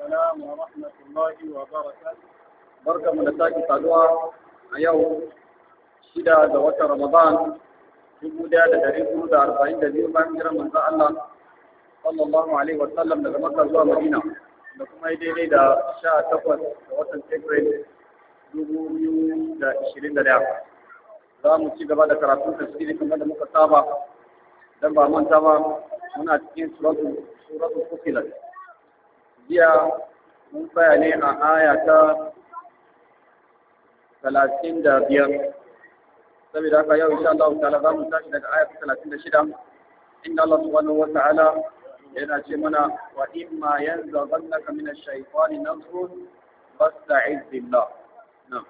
Assalamu warahmatullahi wabarakatuh. Barkamu da sake saduwa a yau shida ga watan Ramadan dubu daya da dari hudu da arba'in da biyu bayan jiran manzon Allah sallallahu alaihi wa sallam daga Makka zuwa Madina da kuma daidai da sha takwas ga watan April dubu biyu da ishirin da daya. Za mu ci gaba da karatun tafsiri kamar da muka saba dan ba manta ba muna cikin suratul suratul jiya mun tsaya ne a aya ta talatin da biyar saboda haka yau insha Allah ta'ala za mu tashi daga aya ta talatin da shida inda Allah subhanahu wa ta'ala yana ce mana wa imma yanzaghannaka min ash-shaytani nazghun fasta'iz billah na'am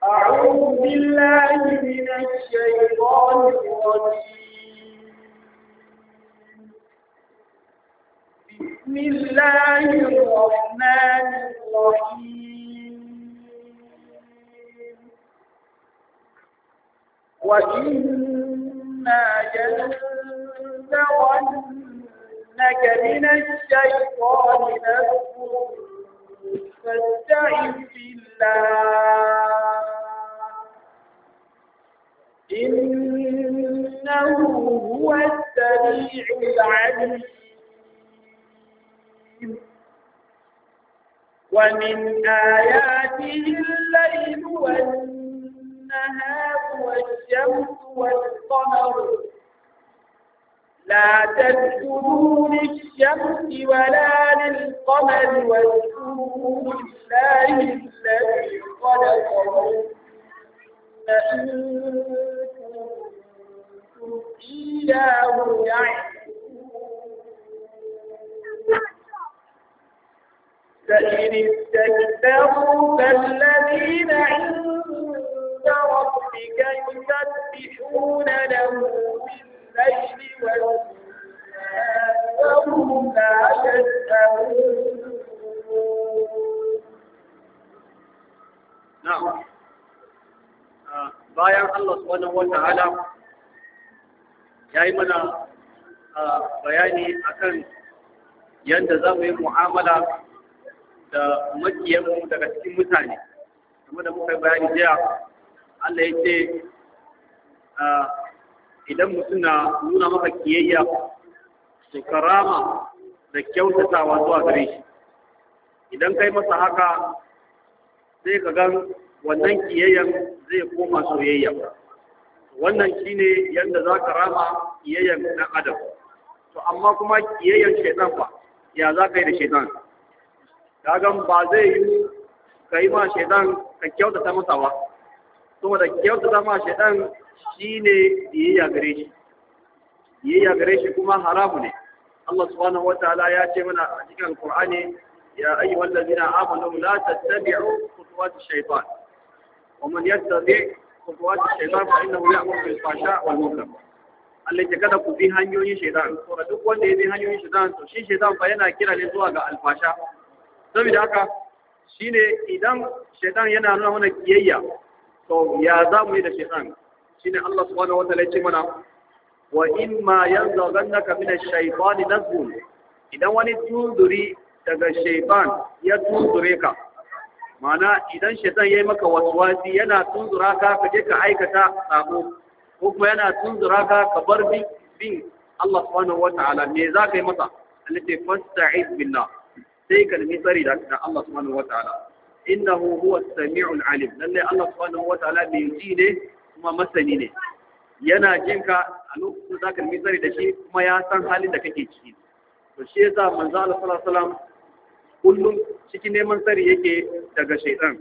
أعوذ بالله من الشيطان الرجيم بسم الله الرحمن الرحيم وإنا وإنك من الشيطان نزغ فاستعذ بالله إنه هو السميع العليم ومن آياته الليل والنهار والشمس والقمر لا تذكروا للشمس ولا للقمر واذكروا لله الذي خلقهم إن كنتم إياه يعلمون فإن استكبروا فالذين عند ربك يسبحون له بالليل والنهار وهم لا يسأمون bayan Allah subhanahu wa ta'ala ya yi mana ah, bayani akan yadda za mu yi mu'amala da makiyanmu daga cikin mutane kuma da muka bayani jiya Allah ya ce ah, idan mutum na nuna maka kiyayya to karama da kyautatawa zuwa gare shi idan kai masa haka sai ka gan wannan kiyayyan zai koma soyayya wannan shine yadda za ka rama kiyayyan ɗan adam to amma kuma kiyayyan shaitan ba ya za ka yi da shaitan kagan ba zai yi ka yi ma shaidan ka ta masa ba kyauta ta ma shaidan shine biyayya gare shi biyayya gare shi kuma haramu ne Allah subhanahu Ta'ala ya ce mana a cikin Qur'ani ya ayyuhal ladina amanu la tattabi'u khutuwat ash-shaytan wa man yattabi' khutuwat ash-shaytan fa innahu ya'muru bil fahsha wal munkar Allah ya kada ku bi hanyoyin shaytan saboda duk wanda ya bi hanyoyin shaytan to shi shaytan fa yana kira ne zuwa ga alfasha saboda haka ne idan shaitan yana nuna mana kiyayya to ya za mu yi da shaitan shine Allah subhanahu wa ta'ala ya ce mana wa in ma yanzaghannaka min ash-shaytani nazghun idan wani tuzuri daga shaitan ya tuzure ka mana idan shaitan yayi maka waswasi yana tunzura ka ka je ka aikata sabo ko kuma yana tunzura ka ka bar bin Allah subhanahu wa ta'ala me za ka yi masa Allah ta fasta'id billah sai ka nemi tsari da Allah subhanahu wataala innahu huwa samiul alim lalle Allah subhanahu wataala mai ji ne kuma masani ne yana jin ka a lokacin da ka nemi tsari da shi kuma ya san halin da kake ciki to shi yasa manzo Allah sallallahu alaihi wasallam kullum cikin neman tsari yake daga shaytan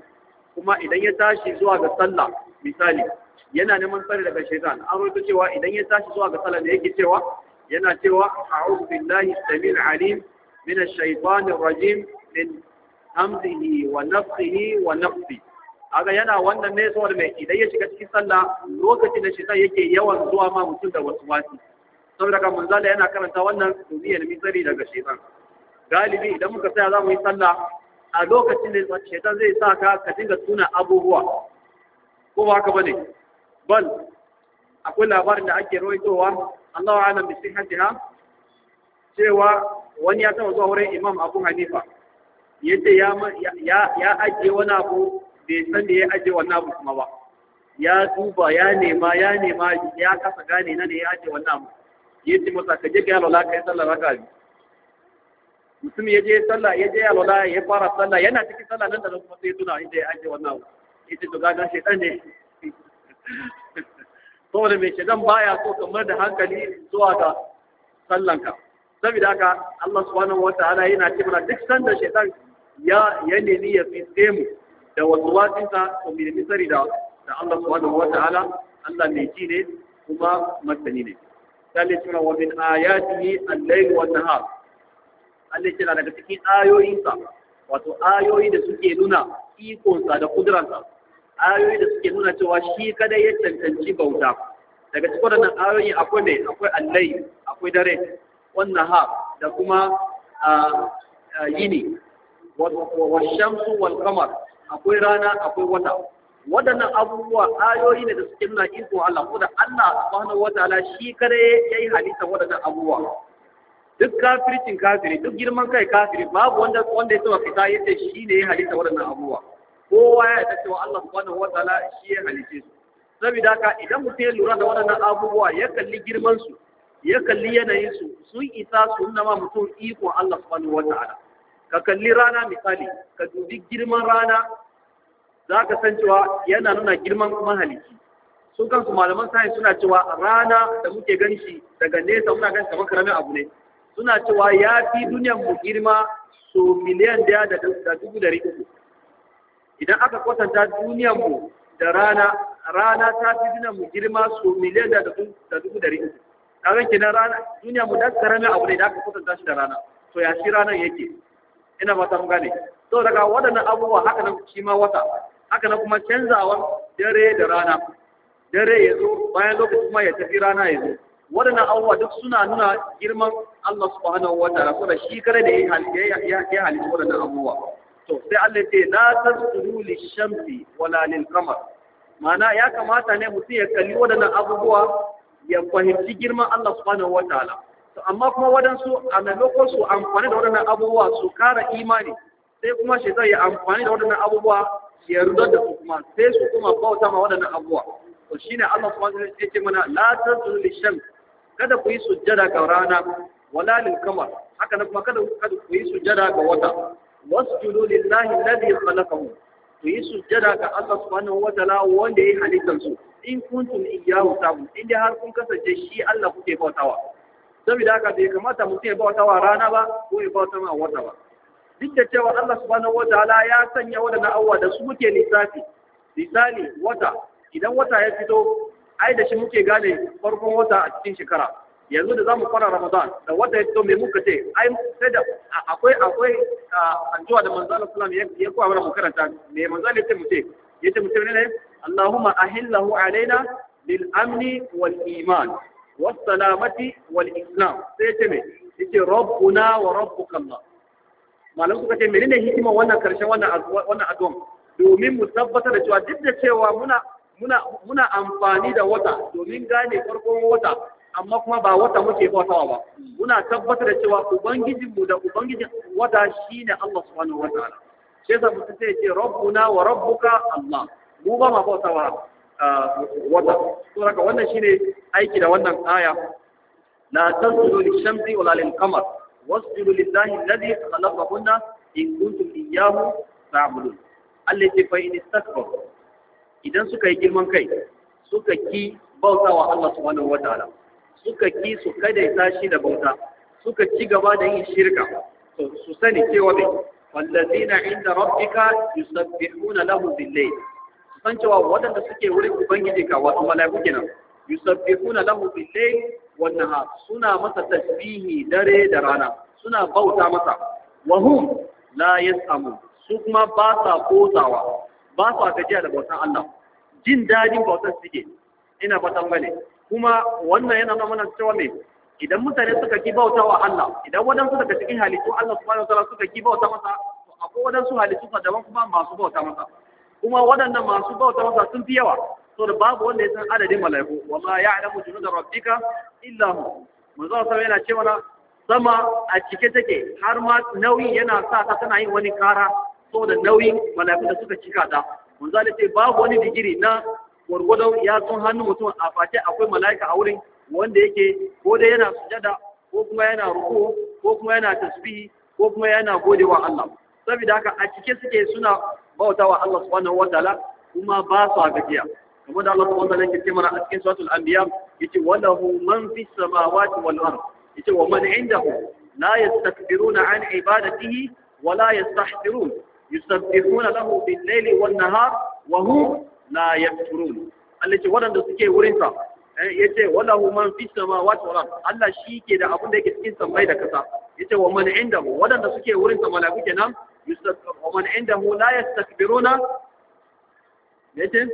kuma idan ya tashi zuwa ga sallah misali yana neman tsari daga shaytan an rubuta cewa idan ya tashi zuwa ga sallah da yake cewa yana cewa a'udhu billahi as-sami'ul alim من الشيطان الرجيم من همزه ونفخه ونفثه aga yana wannan ne saboda mai idan ya shiga cikin sallah lokacin da shaitan yake yawan zuwa ma mutum da wasu wasi saboda kan manzala yana karanta wannan domin ya nemi tsari daga shaitan galibi idan muka tsaya za mu yi sallah a lokacin da shaitan zai sa ka ka dinga tuna abubuwa ko ba haka bane bal akwai labarin da ake rawaitowa Allahu a'lam bi sihhatiha cewa wani ya taɓa zuwa wurin imam abu hanifa ya ce ya ajiye wani abu bai san da ya ajiye wani abu kuma ba ya duba ya nema ya nema ya kasa gane na ne ya ajiye wani abu ya ce masa ka je ka yi alwala ka yi sallah raka bi mutum ya je sallah ya je alwala ya fara sallah yana cikin sallah nan da nan kuma sai tuna inda ya ajiye wannan abu ya ce to gaga shaitan ne saboda mai shaitan baya so kamar da hankali zuwa ga sallanka saboda haka Allah subhanahu wataala yana ce mana duk sanda shaitan ya ya nemi ya fitse mu da wasu sa to mu nemi sari da da Allah subhanahu wataala Allah mai ji ne kuma masani ne sai ce mana wa min ayatihi al-layl wa an-nahar Allah ce daga cikin ayoyinsa wato ayoyi da suke nuna sa da kuduransa ayoyi da suke nuna cewa shi kadai ya cancanci bauta daga cikin waɗannan ayoyi akwai ne, akwai allai akwai dare wannan ha da kuma yini washamsu wal kamar akwai rana akwai wata waɗannan abubuwa ayoyi ne da suke nuna iko Allah ko da Allah subhanahu wataala shi kare yayi halitta waɗannan abubuwa duk kafircin kafiri duk girman kai kafiri babu wanda wanda ya saba fita yace shi ne ya halitta waɗannan abubuwa kowa ya ta cewa Allah subhanahu wataala shi ya halice su saboda haka idan mutum ya lura da waɗannan abubuwa ya kalli girman su ya kalli yanayin su sun isa su nuna ma mutum iko Allah subhanahu wata'ala ka kalli rana misali ka dubi girman rana za ka san cewa yana nuna girman mahaliki su kansu malaman sayin suna cewa rana da muke gan shi daga nesa muna gan kamar karamin abu ne suna cewa ya fi duniyar mu girma so miliyan daya da dubu dari uku idan aka kwatanta duniyar mu da rana rana ta fi duniyar mu girma so miliyan daya da dubu dari uku kaga kenan rana duniya mu dan karami abu ne da aka kusanta shi da rana to ya shi ranar yake ina mata mun gane to daga waɗannan abubuwa haka nan shi ma wata haka nan kuma canzawan dare da rana dare ya zo bayan lokaci kuma ya tafi rana ya zo waɗannan abubuwa duk suna nuna girman Allah subhanahu wa ta'ala kuma shi kare da ya ya halitta waɗannan abubuwa to sai Allah ya ce la tasjudu lishamsi wala lilqamar ma'ana ya kamata ne mutum ya kalli waɗannan abubuwa ya fahimci girman Allah subhanahu wataala to amma kuma wadansu a maimakon su amfani da waɗannan abubuwa su kara imani sai kuma shaitan ya amfani da waɗannan abubuwa ya yarda da su kuma sai su kuma bauta ma waɗannan abubuwa to shine Allah subhanahu wataala yake mana la tasjudu lishams kada ku yi sujjada ga rana wala lil qamar haka nan kuma kada ku yi sujjada ga wata wasjudu lillahi alladhi khalaqahu ku yi sujjada ga Allah subhanahu wa ta'ala wanda ya halittar su in kuntum iyyahu tabu in inda har kun kasance shi Allah kuke bautawa saboda haka bai kamata mutum ya bautawa rana ba ko ya bautawa wata ba duk da cewa Allah subhanahu wa ya sanya wadannan awwa da su muke lissafi misali wata idan wata ya fito ai da shi muke gane farkon wata a cikin shekara yanzu da za mu fara Ramadan da wata ya fito me muka ce ai sai da akwai akwai addu'a da manzo Allah sallallahu alaihi ya koya mu karanta me manzo ya ce mu ce Ya ce mu ce ne Allahumma ahillahu alaina bil amni wal iman was salamati wal islam sai ce me yace rabbuna wa rabbuka Allah malam suka ce menene hikima wannan karshen wannan wannan addu'a domin mu tabbatar da cewa duk da cewa muna muna muna amfani da wata domin gane farkon wata amma kuma ba wata muke bautawa ba muna tabbatar da cewa ubangijin mu da ubangijin wata shine Allah subhanahu wataala sai da mutum sai ce rabbuna wa rabbuka Allah mu ba ma bautawa wata to haka wannan shine aiki da wannan aya la tasjudu lishamsi wala lilqamar wasjudu lillahi alladhi khalaqahunna in kuntum iyyahu ta'budun Allah ce fa in istakbaru idan suka yi girman kai suka ki bautawa Allah subhanahu wataala suka ki su kadaita shi da bauta suka ci gaba da yin shirka to su sani cewa bai wallazina inda rabbika yusabbihuna lahu billayl san cewa waɗanda suke wurin ubangiji ka wato malaiku kenan yusabbihuna lahu billayl wan nahar suna masa tasbihi dare da rana suna bauta masa wa hum la yasamu su kuma ba sa kotawa ba sa gajiya da bautan Allah jin dadin bautan suke ina ba bane kuma wannan yana nuna mana cewa ne idan mutane suka ki bauta wa Allah idan wadansu daga cikin halittu Allah subhanahu wataala suka ki bauta masa akwai wadansu halittu daban kuma masu bauta masa kuma waɗannan masu bauta masa sun fi yawa so da babu wanda ya san adadin malaiku wa ma ya'lamu junuda rabbika illa hu manzo sallallahu yana cewa na sama a cike take har ma nauyi yana sa ta tana yin wani kara so da nauyin malaiku da suka cika ta manzo ce babu wani digiri na gwargwadon ya sun hannun mutum a face akwai mala'ika a wurin wanda yake ko dai yana sujada ko kuma yana ruku ko kuma yana tasbihi ko kuma yana godewa Allah saboda haka a cike suke suna bautawa Allah subhanahu wataala kuma ba su gajiya kamar da Allah subhanahu wataala yake cewa a cikin suratul anbiya yace wallahu man fis samawati wal ard yace wa man indahu la yastakbiruna an ibadatihi wa la yastahdirun yusabbihuna lahu bil layli wan nahar wa hum la yasturun Allah ce waɗanda suke wurinsa eh, ya ce wallahu man fi samawati wal ard Allah shi ke da abin da yake cikin sammai da kasa yace wa man indahu waɗanda suke wurinsa malaku kenan wa man indahu la yastakbiruna yace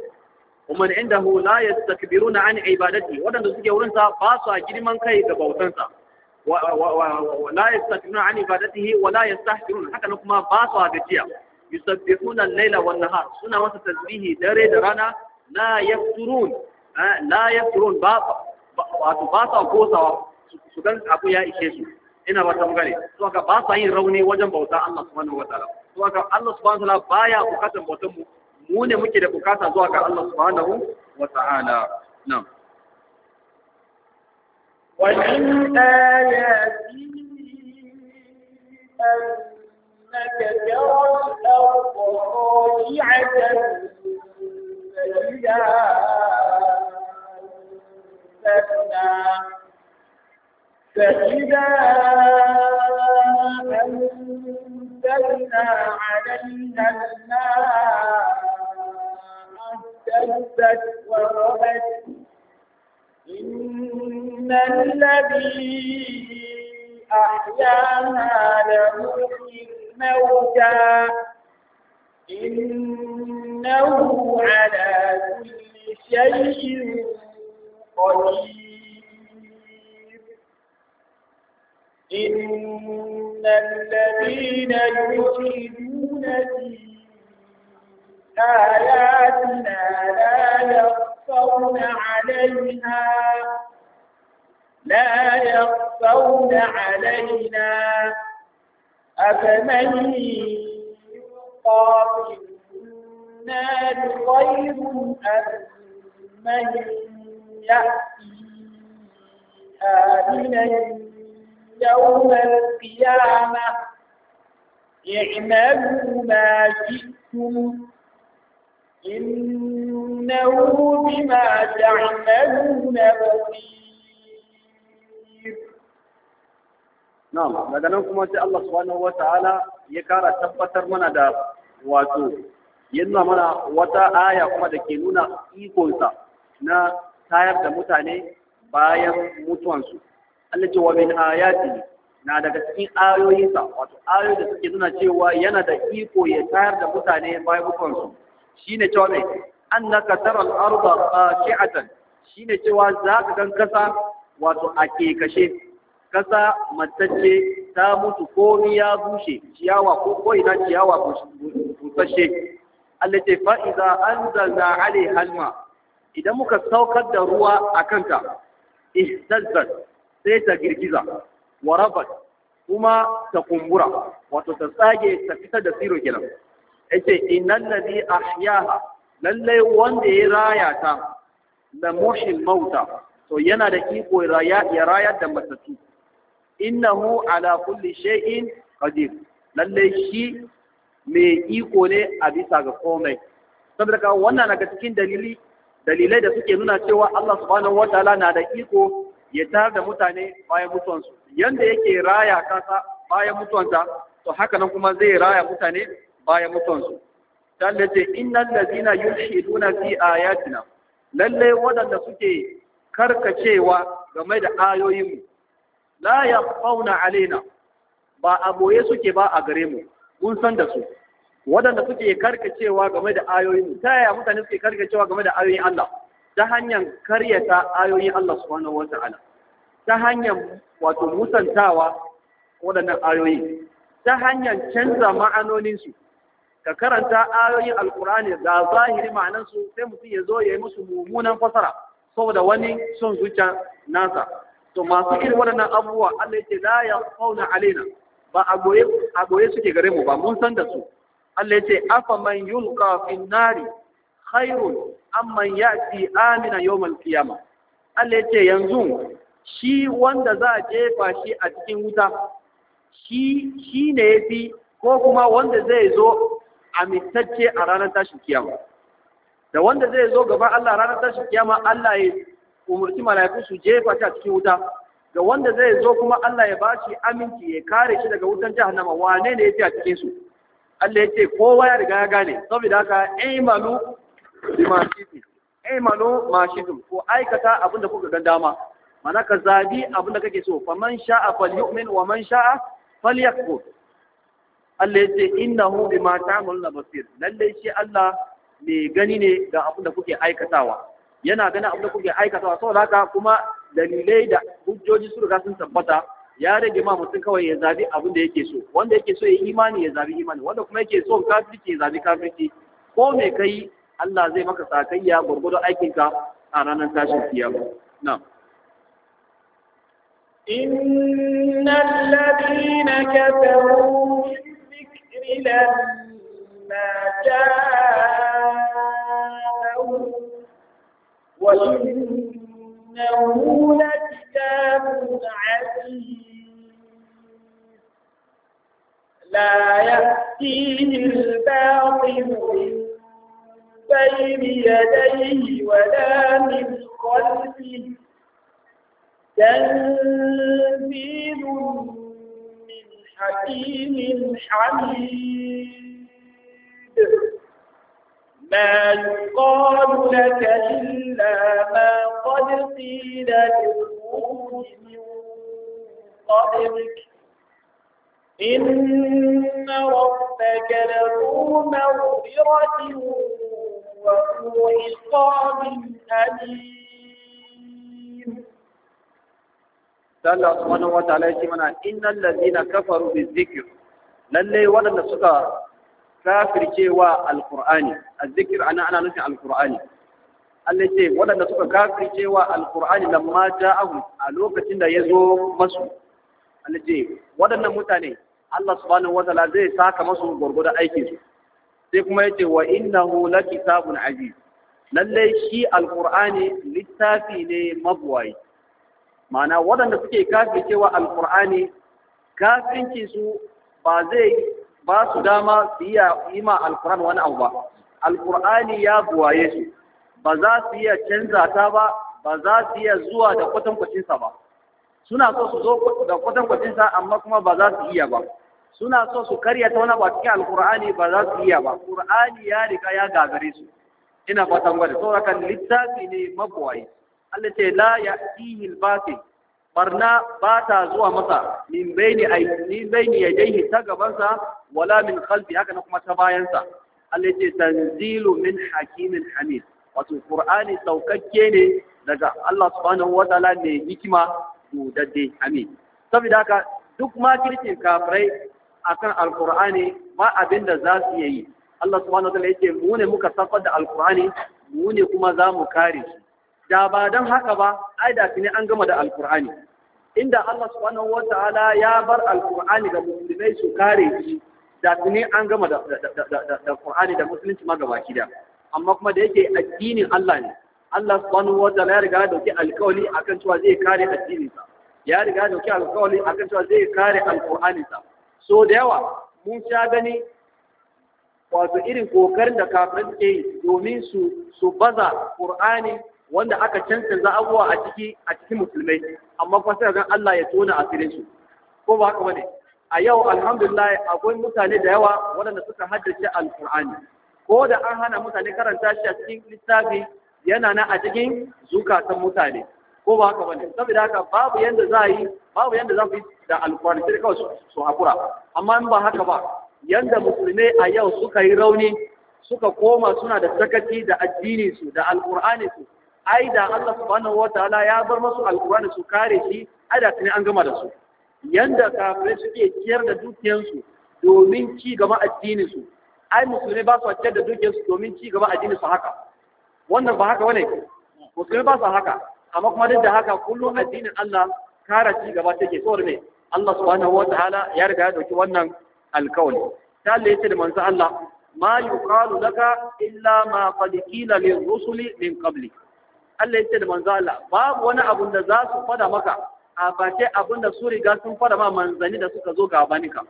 wa man hu la yastakbiruna an ibadati waɗanda suke wurinsa ba su girman kai ga bautansa wa la yastakbiruna an ibadatihi wa la yastahqiruna haka kuma ba su gajiya yusabbihuna al-laila wan nahar suna masa tasbihi dare da rana la yafturun la yafturun ba su ba sa kosawa su gan abu ya ishe su ina ba ta mugare to haka ba sa yin rauni wajen bauta Allah subhanahu wataala to haka Allah subhanahu wataala baya bukatan bautan mu mu ne muke da bukata zuwa ga Allah subhanahu wataala na'am ومن آياته أنك ترى الأرض فإذا أنزلنا فإذا الماء اهتزت وربت إن الذي أحياها لمحيي الموتى إنه على كل شيء قدير إن الذين يلحدون في آياتنا لا يخفون عليها لا يخفون علينا أفمن قالوا النار خير أن من يأتي آمنا يوم القيامة اعملوا ما جئتم إنه بما تعملون بصير نعم daga nan kuma sai الله سبحانه وتعالى ta'ala ya kara wato yanzu mana wata aya kuma da ke nuna ikonsa na tayar da mutane bayan mutuwansu Allah ce wa min ayati na daga cikin ayoyinsa wato ayoyi da suke nuna cewa yana da iko ya tayar da mutane bayan mutuwansu Shi ne cewa mai annaka taral arda khashi'atan shine cewa za ka gan kasa wato a kashe kasa matacce ta mutu komi ya bushe ciyawa ko ko'ina ciyawa busashe Allah ce fa'iza an zanna ale halma idan muka saukar da ruwa a kanta ihtazzar sai ta girgiza warabat kuma ta kumbura wato ta tsage ta fitar da tsiro kenan yace innal ladhi ahyaha lallai wanda ya raya ta la muhil mauta to yana da iko ya rayar da matatu innahu ala kulli shay'in qadir lalle shi mai iko ne a bisa ga komai saboda ka wannan daga cikin dalili dalilai da suke nuna cewa Allah subhanahu wataala na da iko ya tar da mutane bayan mutuwansu yanda yake raya kasa bayan mutuwansa to haka nan kuma zai raya mutane bayan mutuwansu lalle ce innal ladina yushiduna fi ayatina lalle wadanda suke karkacewa game da ayoyinmu la fauna alaina ba a boye suke ba a gare mu mun san da su waɗanda suke karkacewa game da ayoyin ta yaya mutane suke karkacewa game da ayoyin Allah ta hanyar karyata ayoyin Allah subhanahu wata'ala ta hanyar wato musantawa waɗannan ayoyi ta hanyar canza ma'anoninsu ka karanta ayoyin alkur'ani da zahiri ma'anansu sai mutum ya zo ya yi musu mummunan fasara saboda wani son zuciya nasa to masu irin waɗannan abubuwa Allah yake la ya fauna alaina ba a goye suke gare mu ba mun san da su Allah yake afa man yulqa fin nari khairun amman yati amina yawmal qiyama Allah yake yanzu shi wanda za a jefa shi a cikin wuta shi shi ne yafi ko kuma wanda zai zo amintacce a ranar tashin kiyama da wanda zai zo gaba Allah ranar tashin kiyama Allah ya umarci mala'iku su jefa shi a cikin wuta ga wanda zai zo kuma Allah ya bashi aminci ya kare shi daga wutan jahannama wane ne yake a cikin su Allah ya ce kowa ya riga ya gane saboda haka aimanu bima shi'tum aimanu ko aikata abin da kuka ga dama mana ka zabi abin da kake so Fa man sha'a falyu'min wa man sha'a falyakfur Allah ya ce innahu bima ta'maluna basir lalle shi Allah mai gani ne ga abin da kuke aikatawa yana ganin abin da kuke wa saboda haka kuma dalilai da hujjoji su riga sun tabbata ya rage ma mutum kawai ya zabi abin da yake so wanda yake so ya imani ya zabi imani wanda kuma yake so kafirci ya zabi kafirci ko me kai Allah zai maka sakayya aikin aikinka a ranar tashin kiyama na'am إن الذين كفروا وإنه لكتاب عزيز لا يأتيه الباطل من بين يديه ولا من خلفه تنزيل من حكيم حميد لا يقال لك إلا ما قد قيل للرسل من قبلك إن ربك لذو مغفرة وذو عقاب أليم Allah subhanahu wa ta'ala ya ce mana innal ladina kafaru bizikr lalle wadanda suka kafircewa alqur'ani azzikir ana ana nufin alqur'ani Allah ce waɗanda suka kafircewa alqur'ani lamma ja'ahum a lokacin da ya zo masu Allah ce waɗannan mutane Allah subhanahu wataala zai saka masu gurgurda aikin su sai kuma ya ce wa innahu lakitabun aziz lalle shi alkur'ani littafi ne mabwayi ma'ana waɗanda suke kafircewa alqur'ani kafincin su ba zai ba su dama su yi ma alkur'an wani abu ba alkur'ani ya buwaye su ba za su iya canza ta ba ba za su iya zuwa da kwatankwacinsa ba suna so su zo da kwatankwacinsa amma kuma ba za su iya ba suna so su karya ta wani ba cikin alkur'ani ba za su iya ba alkur'ani ya riga ya gagare su ina fatan gwada saboda kan littafi ne mabuwaye Allah ce la ya ihil batil barna ba ta zuwa masa min baini min baini yadayhi ta gabansa wala min khalfi haka na kuma ta bayansa Allah yace tanzilu min hakimin hamid wato qur'ani saukakke ne daga Allah subhanahu wa ta'ala ne hikima dodadde hamid saboda haka duk kirkin kafirai akan alqur'ani ba abinda za su yi Allah subhanahu wa ta'ala mu ne muka safar da alqur'ani mu ne kuma za mu kare shi da ba don haka ba ai da ne an gama da alkur'ani inda Allah subhanahu wata'ala ya bar alkur'ani ga musulmai su kare shi da ne an gama da alkur'ani da musulunci ma gaba da amma kuma da yake addinin Allah ne Allah subhanahu wata'ala ya riga dauki alkawali akan cewa zai kare addinin sa ya riga dauki alkawali akan cewa zai kare alkur'ani sa so da yawa mun sha gani wato irin kokarin da kafirai suke yi domin su su baza qur'ani wanda aka cancanta abuwa a ciki a cikin musulmai amma kuma sai Allah ya tona asirin su ko ba haka bane a yau alhamdulillah akwai mutane da yawa waɗanda suka haddace alqur'ani ko da an hana mutane karanta shi a cikin lissafi yana nan a cikin zukatan mutane ko ba haka bane saboda haka babu yanda za yi babu yanda za ku yi da alqur'ani sai kawai su hakura amma in ba haka ba yanda musulmai a yau suka yi rauni suka koma suna da sakaci da addini su da alqur'ani su ai da Allah subhanahu wataala ya bar masu alqur'ani su kare shi ai da tuni an gama da su yanda kafirai suke ciyar da dukiyansu domin ci gaba addinin su ai musulmi ba su ciyar da dukiyansu domin ci gaba addinin su haka wannan ba haka bane musulmi ba su haka amma kuma duk da haka kullum addinin Allah kara ci gaba take saboda ne Allah subhanahu wataala ya riga ya dauki wannan alkawali ta Allah yace da manzo Allah ma yuqalu laka illa ma qad qila lirrusuli min qablik Allah ya ce da manzo Allah babu wani abun da za su fada maka a face abun da su riga sun fada ma manzani da suka zo gabaninka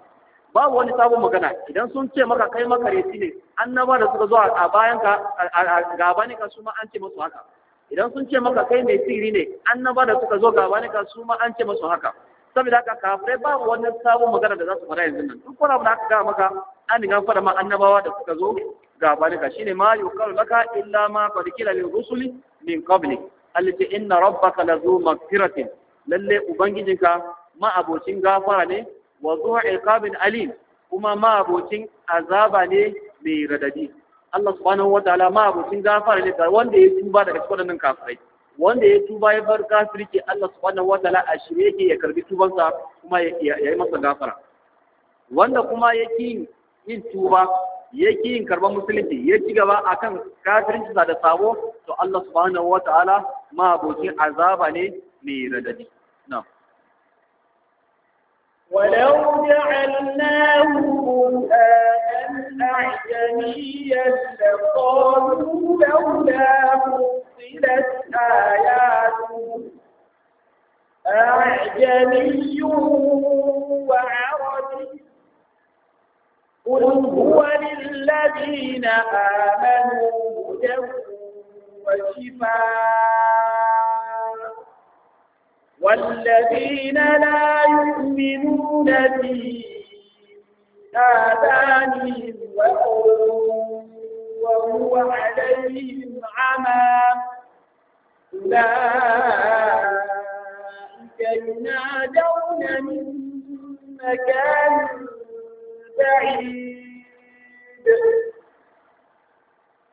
babu wani sabon magana idan sun ce maka kai makareci ne annaba da suka zo a bayanka a gabaninka su ma an ce musu haka idan sun ce maka kai mai sirri ne annaba da suka zo gabaninka su ma an ce musu haka saboda haka kafirai babu wani sabon magana da za su fara yanzu nan duk wani abu da aka gaya maka an riga fada ma annabawa da suka zo gabaninka shine ma yuqalu laka illa ma qad qila lil rusuli min qabli alati inna rabbaka lazu maghfiratin lalle ubangijinka ma abocin gafara ne wa zuwa iqabin alim kuma ma abocin azaba ne mai radadi Allah subhanahu wa ta'ala ma abocin gafara ne ga wanda ya tuba daga cikin wannan kafirai wanda ya tuba ya bar kafirci Allah subhanahu wa ta'ala a shirye yake ya karbi tubansa kuma ya yi masa gafara wanda kuma yake yin tuba ya yin karban musulunci ya ci gaba akan kafirci da sabo to Allah subhanahu wataala ma abokin azaba ne mai radadi na ولو جعلناه قرآنا أعجميا لقالوا لولا فصلت آياته أعجمي وعربي قل هو للذين آمنوا هدى وشفاء والذين لا يؤمنون في آذانهم وقلوب وهو عليهم عمى أولئك ينادون من مكان بعيد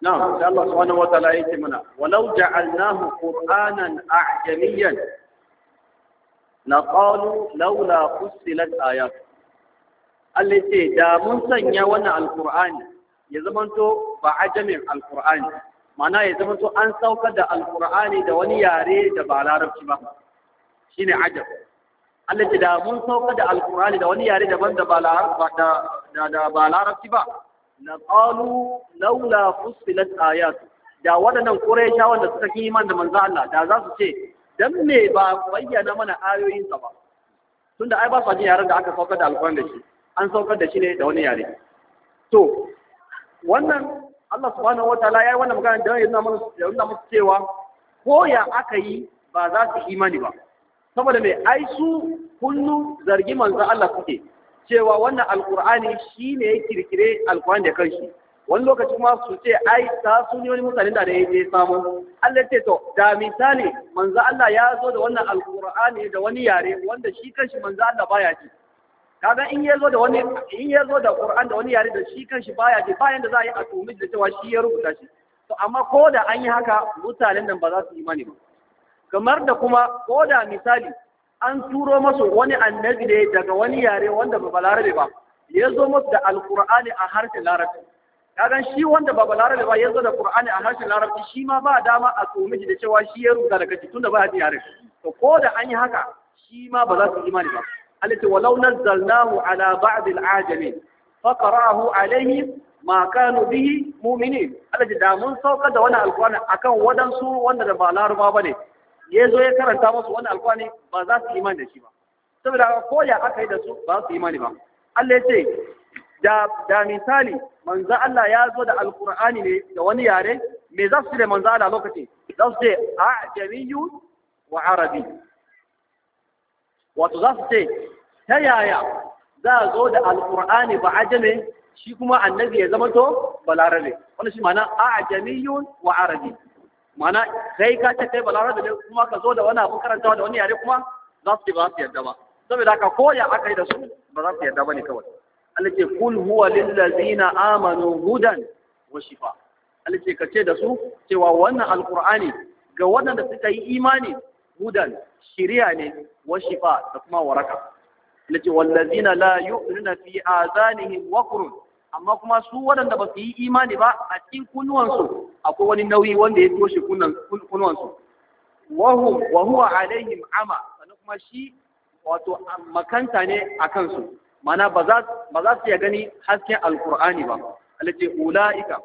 na'am sai Allah subhanahu wa ta'ala yake mana walau ja'alnahu qur'anan a'jamiyan laqalu laula fussilat ayat Allah ce da mun sanya wannan alqur'ani ya zamanto ba a ajamin alqur'ani mana ya zamanto an saukar da alqur'ani da wani yare da ba larabci ba Shi shine ajab Allah ce da mun saukar da alqur'ani da wani yare daban da ba larabci ba na qalu laula fusilat ayat da waɗannan quraishawan wanda suka yi iman da manzo Allah da za su ce dan me ba bayyana mana ayoyin ba tunda ai ba su ji yaran da aka saukar da alƙur'ani da shi an saukar da shi ne da wani yare to wannan Allah subhanahu wataala yayi wannan magana da yana mana da yana musu cewa ko ya aka yi ba za su imani ba saboda me ai su kullu zargi manzo Allah suke cewa wannan alkur'ani shi ne ya kirkire alkur'ani da kanshi wani lokaci kuma su ce ai ta su ne wani mutane da ya je samu Allah ce to da misali manzo Allah ya zo da wannan alkur'ani da wani yare wanda shi kanshi manzo Allah baya ji kaga in ya zo da wani in ya zo da Qur'an da wani yare da shi kanshi baya ji bayan da za a yi a tumi da cewa shi ya rubuta shi to amma ko da an yi haka mutanen nan ba za su imani ba kamar da kuma ko da misali an turo masu wani annabi ne daga wani yare wanda ba balarabe ba ya zo masu da alkur'ani a harshen larabci kagan shi wanda ba balarabe ba ya zo da qur'ani a harshen larabci shi ma ba dama a tsome shi da cewa shi ya rubuta daga kaci tunda ba ya ji yare to ko da an yi haka shi ma ba za su imani ba Allah ce walau nazzalnahu ala ba'd al-ajamin fa qara'ahu alaihim ma kanu bihi mu'minin Allah ce da mun sauka da wannan alqur'ani akan wadansu wanda da ba laraba bane ya zo ya karanta masu wani alƙur'ani ba za su imani da shi ba saboda ko ya aka yi da su ba su imani ba Allah ya ce da da misali manzo Allah ya zo da alƙur'ani ne da wani yare me za su ce da manzo Allah lokaci za su ce ajamiyyu wa arabi wato za su ce ta yaya za a zo da alƙur'ani ba ajame shi kuma annabi ya zama to balarabe wani shi ma'ana ajamiyyun wa arabi mana kai ka ce kai balarabe ne kuma ka zo da wani abun karanta da wani yare kuma za su ce ba su yarda ba saboda haka koya ya aka yi da su ba za su yarda ba ne kawai Allah ce kul huwa lillazina amanu hudan wa shifa Allah ce ka ce da su cewa wannan alqur'ani ga waɗanda suka yi imani hudan shiriya ne wa shifa da kuma waraka Allah ce wallazina la yu'minuna fi azanihim waqrun amma kuma su waɗanda ba su yi imani ba a cikin kunuwansu akwai wani nauyi wanda ya toshe kunuwansu wahu wa huwa alaihim ama sannan kuma shi wato makanta ne a kansu mana ba za su yi gani hasken alkur'ani ba alace ula'ika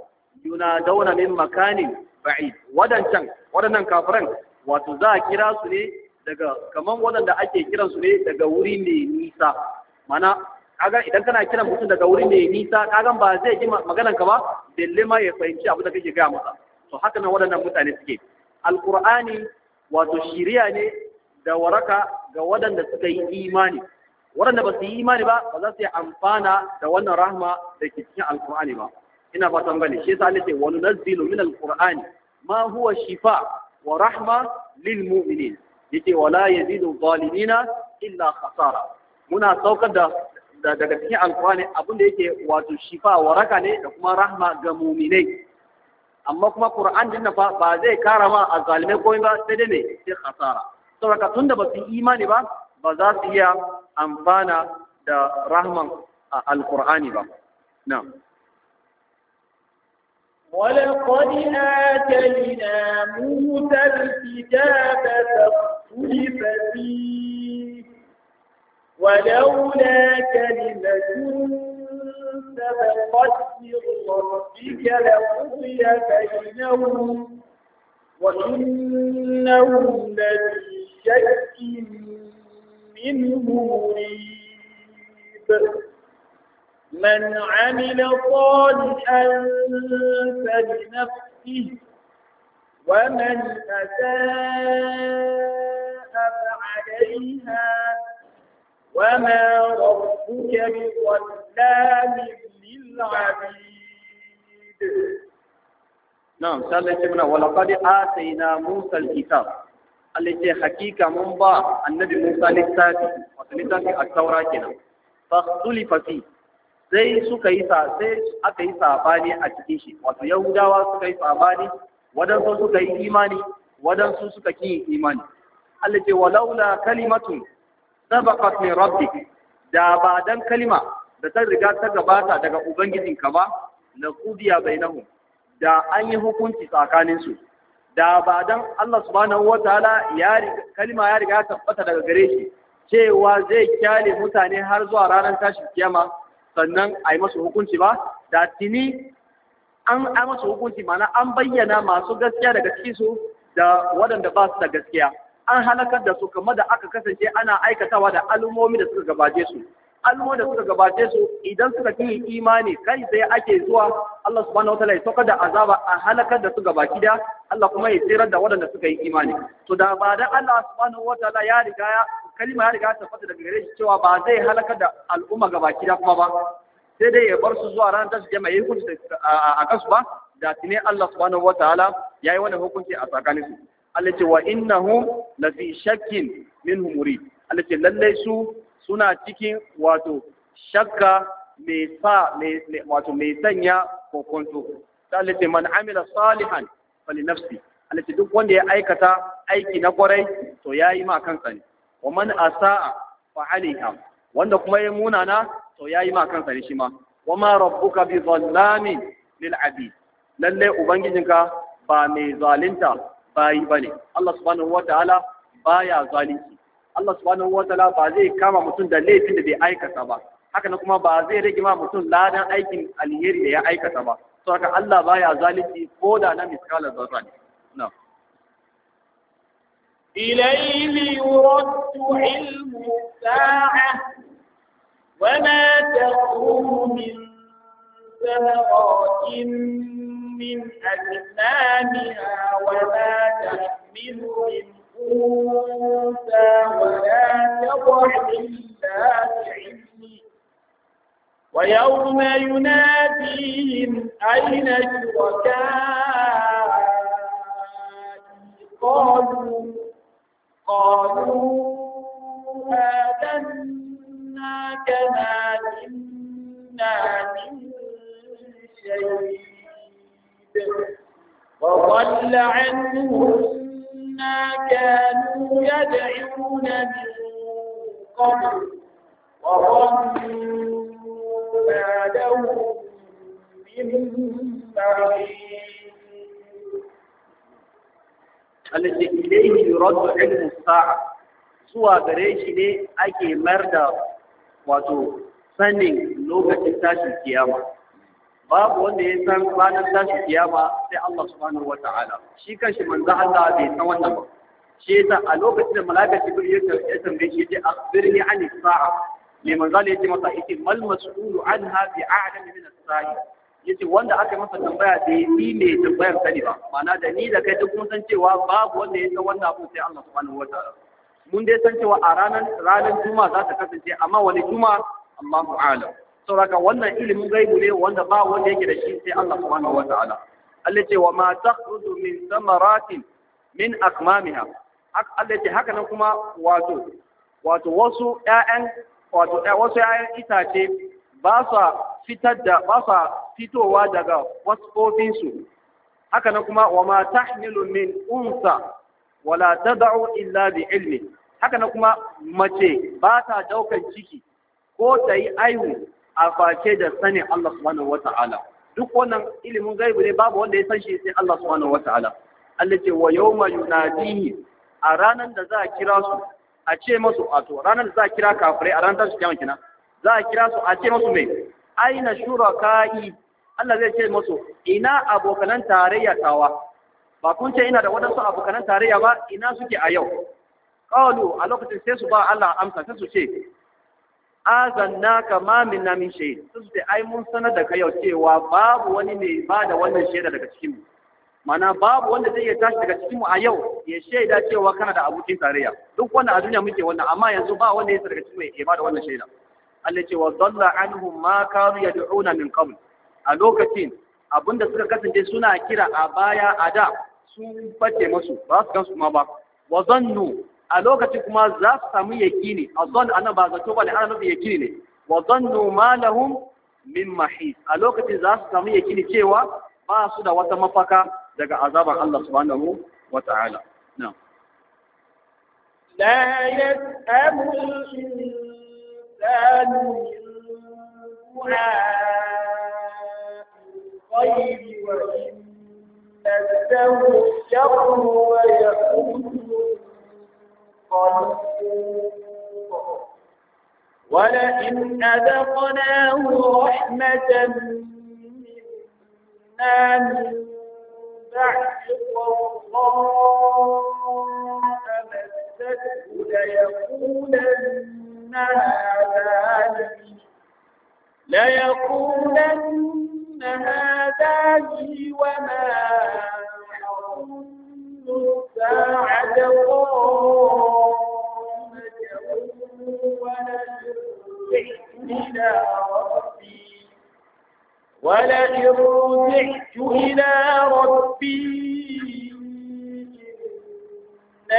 dauna min makanin ba'id wadancan wadannan kafiran wato za a kira su ne daga kaman wadanda ake kiransu su ne daga wuri mai nisa mana kaga idan kana kiran mutum daga wuri mai nisa kaga ba zai ji maganan ka ba balle ma ya fahimci abu da kake gaya masa to haka nan waɗannan mutane suke alqur'ani wato shiriya ne da waraka ga waɗanda suka yi imani waɗanda ba su yi imani ba ba za su yi amfana da wannan rahma da ke cikin alqur'ani ba ina fatan bane, shi yasa Allah ce wa nunazzilu min alqur'ani ma huwa shifa wa rahma lil mu'minin yake wala yazidu zalimina illa khasara muna saukar da daga cikin alkurani abinda yake wato shifa waraka ne da kuma rahma ga muminai amma kuma qur'an din fa ba zai kara ma azzalimai komai ba sai dai ne sai khasara saboda tunda ba su imani ba ba za su iya amfana da rahman alkur'ani ba na'am ولقد آتينا موسى الكتاب فاختلف فيه ولولا كلمة سبقت من ربك لقضي بينهم وإنهم لفي شك منه مريب من عمل صالحا فلنفسه ومن أساء فعليها وما ربك بظلام للعبيد نعم سأل الله ولقد آتينا موسى الكتاب التي حقيقة من با النبي موسى للتاتي وتلتاتي التوراة كنا فاختلف فيه sai suka yi sai aka yi sabani a cikin shi wato yahudawa suka yi sabani wadansu suka yi imani wadansu suka ki imani Allah ce walaula kalimatun sabaqat min rabbik da ba dan kalima da ta riga ta gabata daga ka ba na qudiya bainahum da an yi hukunci tsakanin su da ba dan Allah subhanahu wataala ya kalima ya riga tabbata daga gare shi cewa zai kyale mutane har zuwa ranar tashin kiyama sannan a yi hukunci ba da tini an masu hukunci mana an bayyana masu gaskiya daga su da waɗanda ba su da gaskiya an halakar da su kamar da aka kasance ana aikatawa da al'ummomi da suka gabace su al'ummomi da suka gabace su idan suka yi imani kai sai ake zuwa Allah subhanahu wataala ya da azaba a halakar da suka gabaki da Allah kuma ya tsirar da waɗanda suka yi imani to da ba da Allah subhanahu ya riga ya kalima ya riga ta fata daga gare shi cewa ba zai halakar da al'umma gabaki da kuma ba sai dai ya bar su zuwa ranar tashi jama'a ya hukunci a kasu ba da tine Allah subhanahu ya yi wani hukunci a tsakaninsu wa innahum la fi shakkin minhu murid Allah lalle su suna cikin wato shakka mai sa wato mai sanya kokonto Allah man amila salihan fali nafsi duk wanda ya aikata aiki na kwarai to yayi ma kansa ne wa man asaa fa alaiha wanda kuma ya munana to yayi ma kansa ne shi ma wa ma rabbuka bi dhallamin lil abid lalle ubangijinka ba mai zalunta bayi bane Allah subhanahu wataala baya zalunci Allah subhanahu wataala ba zai kama mutum da laifin da bai aikata ba haka na kuma ba zai rage ma mutum ladan aikin alheri da ya aikata ba to haka Allah baya zalunci ko da na miskalar zarra ne na'am إليه يرد علم الساعة وما تخرج من من أكمامها وما تحمل من أنثى ولا تضع إلا بعلمه ويوم يناديهم أين شركائي قالوا قالوا آذنا كما منا من شيء وضل عنهم ما كانوا يدعون من قبل وظنوا ما لهم من التي إليه يرد علم الساعة zuwa gare shi ne ake mayar da wato sanin lokacin babu wanda ya san ranar tashi kiyama sai Allah subhanahu wata'ala shi kanshi manzo Allah bai san wannan ba shi yasa a lokacin da malaka jibril ya tambaye shi ya akhbirni an sa'a ne manzo Allah ya ce masa yake mal mas'ulu anha bi a'lam min as-sa'i yace wanda aka masa tambaya da ni ne tambayar sani ba ma'ana da ni da kai duk mun san cewa babu wanda ya san wannan abu sai Allah subhanahu wata'ala mun dai san cewa a ranar ranar juma'a za ta kasance amma wani juma'a Allahu a'lam saboda wannan ilimin gaibu ne wanda ba wanda yake da shi sai Allah subhanahu wa ta'ala Allah ce wa ma takhruju min samaratin min akmamiha Allah ce haka nan kuma wato wato wasu ƴaƴan wato wasu ƴaƴan itace ba sa fitar da ba sa fitowa daga wasfofin su haka nan kuma wa ma tahmilu min unsa wala tad'u illa bi ilmi haka nan kuma mace ba ta daukan ciki ko ta yi aihu a face da sanin Allah subhanahu wata'ala duk wannan ilimin gaibu ne babu wanda ya san shi sai Allah subhanahu wata'ala Allah ce wa yawma yunadihi a ranar da za a kira su a ce masu ato ranar da za a kira kafirai a ranar su kiyama kina, za a kira su a ce masu mai aina shuraka'i Allah zai ce masu ina abokanan tarayya tawa ba kun ce ina da wadansu abokanan tarayya ba ina suke a yau qalu a lokacin sai su ba Allah amsa sai su ce azanna kama min na min shaid sun ce ai mun sanar da kai cewa babu wani mai ba da wannan shaida daga cikin mu mana babu wanda zai iya tashi daga cikin mu a yau ya shaida cewa kana da abokin tarayya duk wanda a duniya muke wannan amma yanzu ba wanda ya daga cikin mu ya ba da wannan shaida Allah ce wa dalla anhum ma kanu yad'una min qabl a lokacin abinda suka kasance suna kira a baya a da sun bace musu ba su gansu ma ba wa zannu a lokacin kuma za su samu yakini a zon anan ba zato ba ne ana nufin yakini ne wa zannu ma min mahis a lokacin za su samu yakini cewa ba su da wata mafaka daga azabar Allah subhanahu wa ta'ala na la yas'amu al-insanu خير وإن نزه شر ويقول ولئن أذقناه رحمة منا من بعد الله مسته ليقولن هذا لي ليقولن هذا لي وما الساعة قامة ولئن إلى ربي ولئن إلى ربي إنني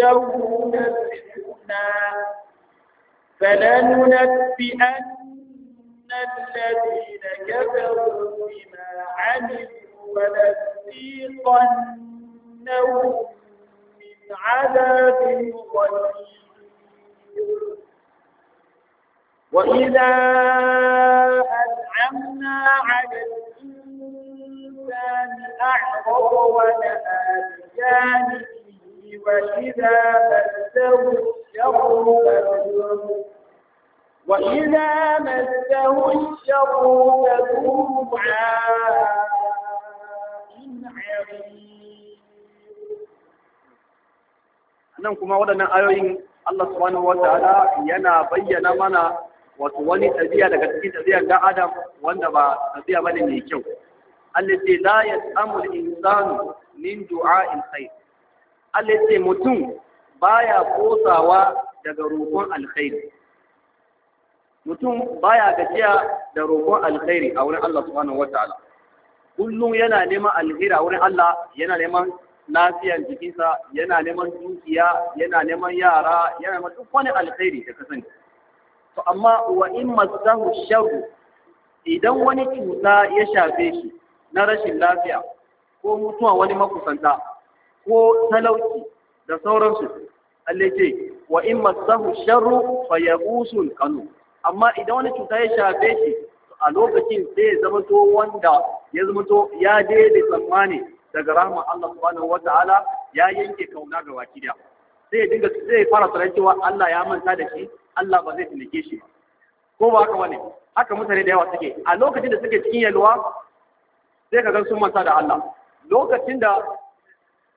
عنده للحسنى فلننبئن الذين كفروا بما عملوا ولننبئن من عذاب وإذا أنعمنا على الإنسان اعظم ونأى بجانبه وإذا مسه الشر وإذا مسه الشر فذو nan kuma waɗannan ayoyin Allah subhanahu wa ta'ala yana bayyana mana wato wani tabiya daga cikin tabiyar da Adam wanda ba tabiya bane mai kyau Allah ce la yasamu al-insanu min du'a'il khair Allah ce mutum baya kosawa daga roƙon alkhairi mutum baya gajiya da roƙon alkhairi a wurin Allah subhanahu wataala kullum yana neman alkhairi a wurin Allah yana neman lafiyar jikinsa yana neman dukiya yana neman yara yana neman duk wani alkhairi da kasance to amma wa in masahu sharru idan wani cuta ya shafe shi na rashin lafiya ko mutuwa wani makusanta ko talauci da sauransu allaje wa in masahu sharru fa yaqusul qanu amma idan wani cuta ya shafe shi a lokacin sai ya zama to wanda ya zama to ya daidai tsammani daga rahman Allah subhanahu ta'ala ya yanke kauna ga baki da sai dinga sai fara tsaron cewa Allah ya manta da shi Allah ba zai tunike shi ko ba haka bane haka mutane da yawa suke a lokacin da suke cikin yalwa sai ka ga sun manta da Allah lokacin da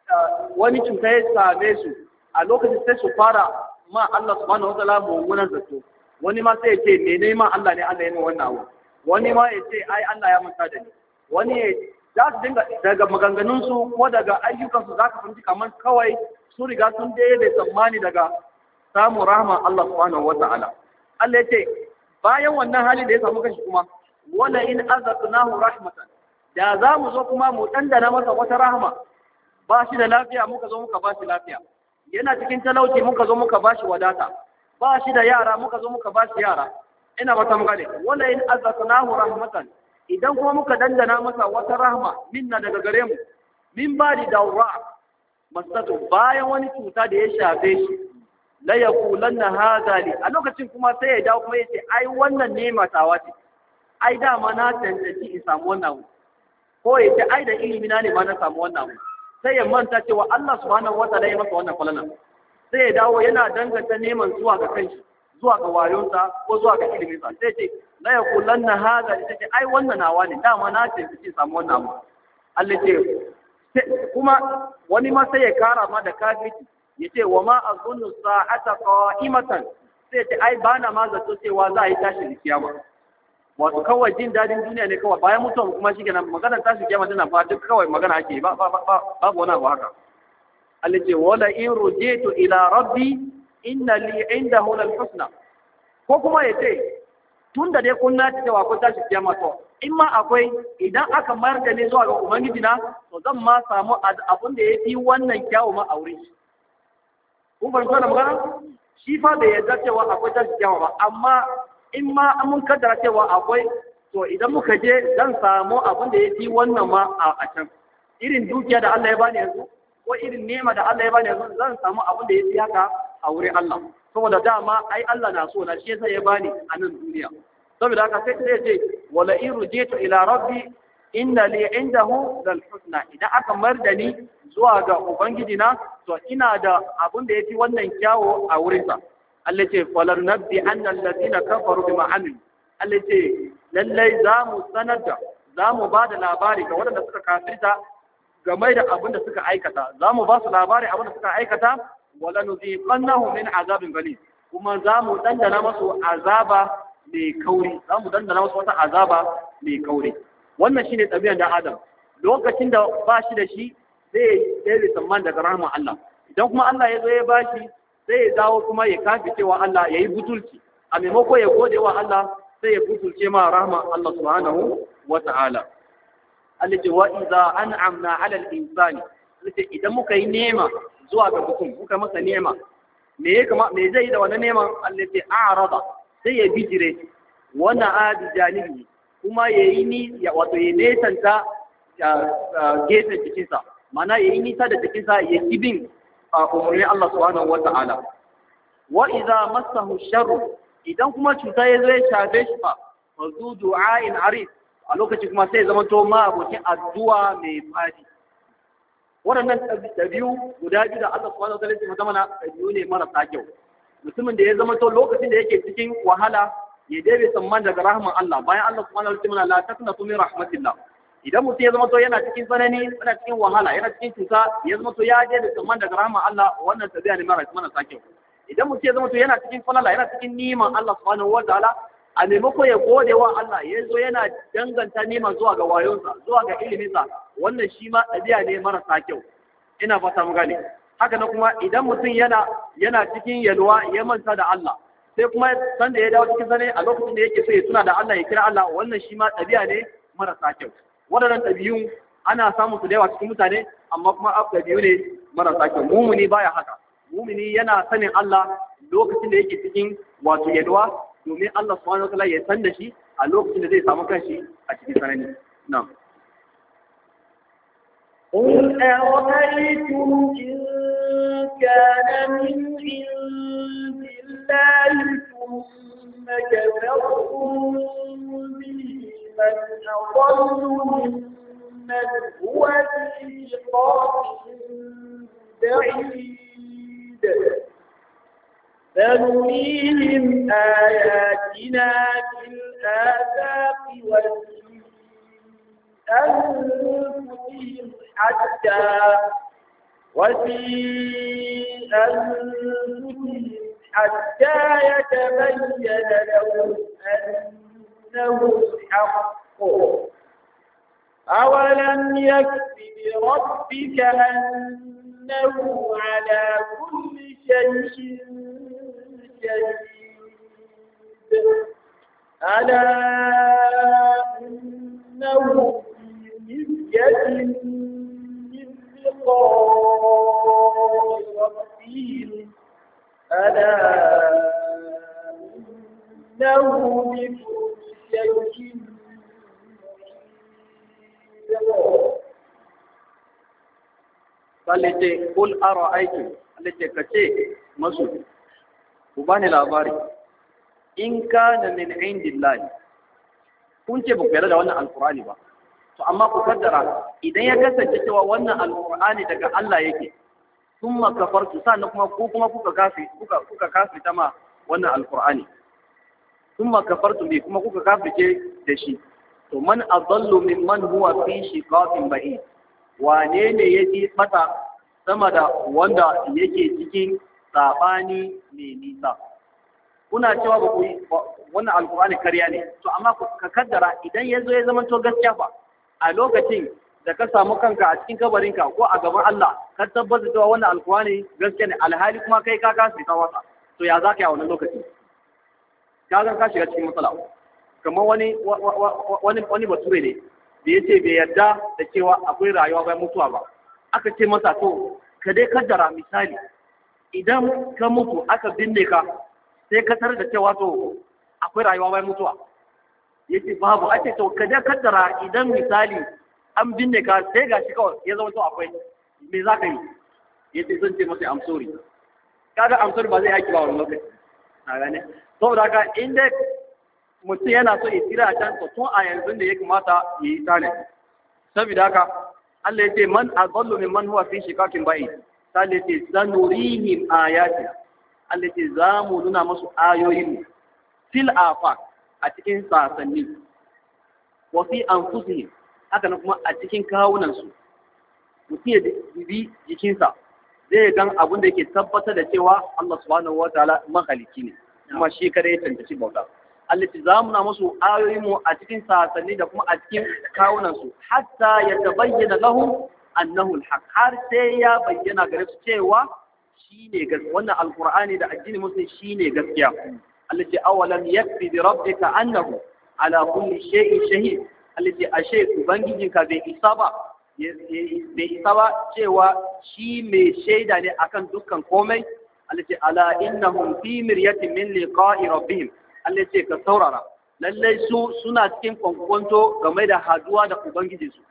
eh, wani cuta ya same su a lokacin sai su fara ma Allah subhanahu wataala mummunan zato wani ma sai ya ce menene ma Allah ne Allah ya yi wannan abu wani ma ya ce ai Allah ya manta da ni wani ya za su dinga daga maganganunsu ko daga ayyukansu za ka fahimci kamar kawai su riga sun daidai tsammani daga samun rahama Allah subhanahu wata'ala Allah ya ce bayan wannan hali da ya samu kashi kuma wala in azaqnahu rahmatan da za mu zo kuma mu dandana masa wata rahama ba shi da lafiya muka zo muka ba shi lafiya yana cikin talauci muka zo muka ba shi wadata ba shi da yara muka zo muka ba shi yara ina ba ta mu gane wala in azaqnahu rahmatan idan kuma muka dangana masa wata rahma minna daga gare mu min ba da daura masatu bayan wani cuta da ya shafe shi la yaqulanna hadha li a lokacin kuma sai ya dawo kuma yace ai wannan ne matawa ce ai da ma na tantance in samu wannan ko yace ai da ilimi na ne ma na samu wannan sai ya manta cewa Allah subhanahu wataala ya masa wannan falala sai ya dawo yana danganta neman zuwa ga kanshi zuwa ga wayonsa ko zuwa ga ilimin sa sai ce la na hadha sai ce ai wannan nawa ne dama na ce ki samu wannan abu Allah ce kuma wani ma sai ya kara ma da kafiti ya ce wa ma azunnu sa'ata qa'imatan sai ce ai bana ma zato cewa za a yi tashin kiyama wato kawai jin dadin duniya ne kawai bayan mutuwa kuma shi kenan maganar tashi kiyama tana fa duk kawai magana ake ba ba ba ba wani abu haka Allah ce wala in rujitu ila rabbi inna li indahu lal husna ko kuma ya tunda tun da dai kun nace cewa ko tashi kiyama to in ma akwai idan aka mayar da ni zuwa ga ubangiji na to zan ma samu abin da ya wannan kyawu ma aure kun fahimta da magana shi fa bai yarda cewa akwai tashi kiyama ba amma in ma mun kaddara cewa akwai to idan muka je zan samu abin da ya wannan ma a can irin dukiya da Allah ya bani yanzu ko irin nema da Allah ya bani yanzu zan samu abin da ya haka a wurin Allah saboda dama ai Allah na so na shi yasa ya bani a nan duniya saboda haka sai sai ce wala in rujitu ila rabbi inna li indahu lal husna idan aka mar da ni zuwa ga ubangiji na to ina da abun da yafi wannan kyawo a wurinta. Allah ce falar nabbi anna allazina kafaru bima amilu Allah ce lallai za mu sanar da za mu ba da labari ga waɗanda suka kafirta game da abin da suka aikata za mu ba su labari abin da suka aikata ولنذيقنهم من عذاب azabin bali kuma za mu dandana masu azaba mai kauri za mu dandana masu wata azaba mai kauri wannan shine tabi'an da adam lokacin da ba shi da shi sai ya yi tsamman daga rahman Allah idan kuma Allah ya zo ya ba shi sai ya dawo kuma ya kafi cewa Allah ya yi butulci a maimako ya gode wa Allah sai ya butulce ma rahman Allah subhanahu wa ta'ala Allah wa idza an'amna 'ala al-insani Allah idan muka yi nema zuwa ga mutum muka masa nema me ya kama me zai yi da wannan neman Allah ce a'rada sai ya bijire wannan adi janibi kuma ya yi ni wato ya nesanta gefen jikinsa mana ya yi nisa da jikinsa ya kibin umarnin Allah subhanahu wa ta'ala wa idza massahu sharru idan kuma cuta ya zo ya shafe shi fa fa zu in arid a lokacin kuma sai ya zama to ma abokin addu'a mai fadi waɗannan ɗabi'u guda biyu da Allah subhanahu wataala ya zama na ɗabi'u ne marasa kyau mutumin da ya zama to lokacin da yake cikin wahala ya dai tsamman daga rahman Allah bayan Allah subhanahu wataala la taqnatu min rahmatillah idan mutum ya zama to yana cikin tsanani yana cikin wahala yana cikin cuta ya zama to ya dai tsamman daga rahman Allah wannan tabi'a ne marasa kyau idan mutum ya zama to yana cikin falala yana cikin niman Allah subhanahu wataala a maimako ya gode wa Allah ya zo yana danganta neman zuwa ga wayonsa zuwa ga iliminsa wannan shi ma ɗabi'a ne marasa kyau ina fata mu gane haka na kuma idan mutum yana yana cikin yalwa ya manta da Allah sai kuma san da ya dawo cikin sanayi a lokacin da yake so ya tuna da Allah ya kira Allah wannan shi ma ɗabi'a ne marasa kyau waɗannan ɗabi'un ana samun su da yawa cikin mutane amma kuma ɗabi'u ne marasa kyau mumuni baya haka mumuni yana sanin Allah lokacin da yake cikin wato yalwa domin Allah subhanahu wa ta'ala ya san da shi a lokacin da zai samu kanshi a cikin sanani na'am قل أرأيتم إن كان من عند الله ثم كفرتم به من أضل ممن هو في شقاق بعيد فنريهم آياتنا في الآفاق والناس أنفسهم حتى وفي أنفسهم حتى يتبين لهم أنه الحق أولم يكف بربك أنه على كل شيء شهيد ألا إنه بلية من لقاء ربهم ألا إنه بكل شيء Allah kul ara aikin Allah masu ku labari in kana min indillahi kun ce ba ku yarda da wannan alqur'ani ba to amma ku kaddara idan ya kasance cewa wannan alqur'ani daga Allah yake thumma kafartu sannan kuma ku kuma kuka kafi kuka kuka kafi ta ma wannan alqur'ani thumma kafartu bi kuma kuka ke da shi to man adallu mimman huwa fi shiqaqin ba'id wane ne yake bata sama da wanda yake cikin sabani mai nisa kuna cewa ba ku wannan alqur'ani karya ne to amma ka kaddara idan yazo ya zama to gaskiya fa a lokacin da ka samu kanka a cikin kabarinka ko a gaban Allah ka tabbata cewa wannan alkuwani gaskiya ne alhali kuma kai ka kasa ta wasa to ya zaka yi a wannan lokacin? ka ga ka shiga cikin matsala kamar wani wani bature ne da yace bai yarda da cewa akwai rayuwa bayan mutuwa ba aka ce masa to ka dai kaddara misali idan ka mutu aka binne ka sai ka tarar da cewa to akwai rayuwa bayan mutuwa yake babu ake to ka je kaddara idan misali an binne ka sai gashi kawai ya zama to akwai me za ka yi yace zan ce masa I'm sorry kaga I'm sorry ba zai aiki ba wannan lokaci na gane saboda haka inda dai mutum yana so ya tsira a can to tun a yanzu da ya kamata ya yi tane saboda haka Allah ya ce man azallu man huwa fi shikakin ba'i sai ya ce sanurihim ayati Allah ya ce za mu nuna musu ayoyin fil afaq a cikin sasanni wa fi anfusihim haka na kuma a cikin kawunansu mutum ya bi jikinsa zai gan abin da ke tabbatar da cewa Allah subhanahu wa ta'ala mahalicci ne kuma shi kada ya tantance bauta Allah ci za mu na musu ayoyi mu a cikin sasanni da kuma a cikin kawunansu hatta ya tabayyana lahum annahu alhaq har sai ya bayyana gare su cewa shine gaskiya wannan alqur'ani da addini musulmi shine gaskiya Allah ce awalam yakfi bi rabbika annahu ala kulli shay'in shahid Allah ce ashe ubangijinka bai isa ba bai isa ba cewa shi mai shaida ne akan dukkan komai Allah ce ala ce ka saurara lallai su suna cikin kwankwanto game da haduwa da ubangijinsu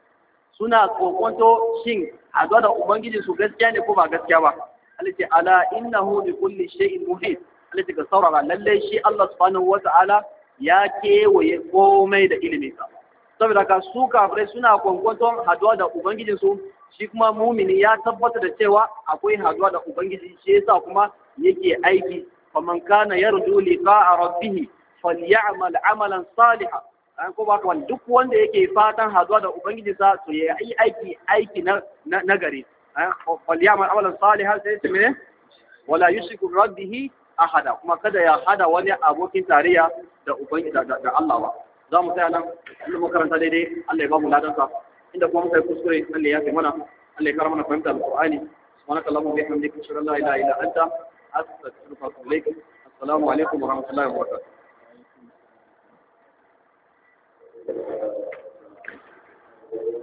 suna kwankwanto shin haduwa da ubangijinsu gaskiya ne ko ba gaskiya ba alce ala innahu li kulli shay'in muhit alati ka saurara lallai shi Allah subhanahu wata'ala ya kewaye komai da ilimin sa saboda ka su kafirai suna kwankwanton haduwa da ubangijinsu, shi kuma mumini ya tabbata da cewa akwai haduwa da ubangiji shi yasa kuma yake aiki faman kana yarju liqa'a rabbih falyamal amalan salihan an ko baka duk wanda yake fatan haduwa da ubangijinsa to ya yi aiki aiki na na gari falyamal amalan salihan sai su mene wala yushriku rabbihi ahada kuma kada ya hada wani abokin tarayya da ubangi da Allah ba za mu tsaya nan inda makaranta daidai Allah ya ba mu ladan inda kuma muka yi kuskure Allah ya kai mana Allah ya kara mana fahimta alqur'ani subhanaka allahumma wa bihamdika ashhadu an la ilaha illa anta astaghfiruka wa atubu ilaik assalamu alaikum wa rahmatullahi wa barakatuh Thank you.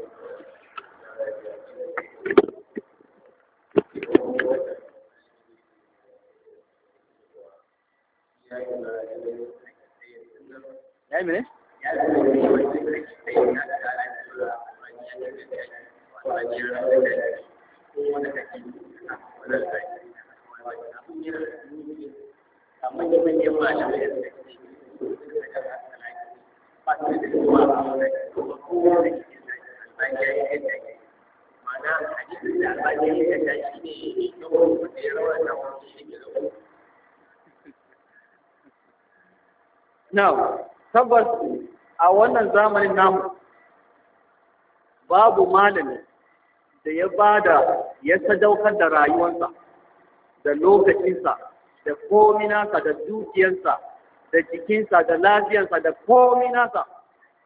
ya yi mene? Ma'ana hadisin da albani ya tashi ne ya kawo da ya rawar da wani shi ke da wani now tabbas a wannan zamanin namu babu malami da ya bada ya sadaukar da rayuwarsa da lokacinsa da kominasa da dukiyarsa da jikinsa da lafiyarsa da kominasa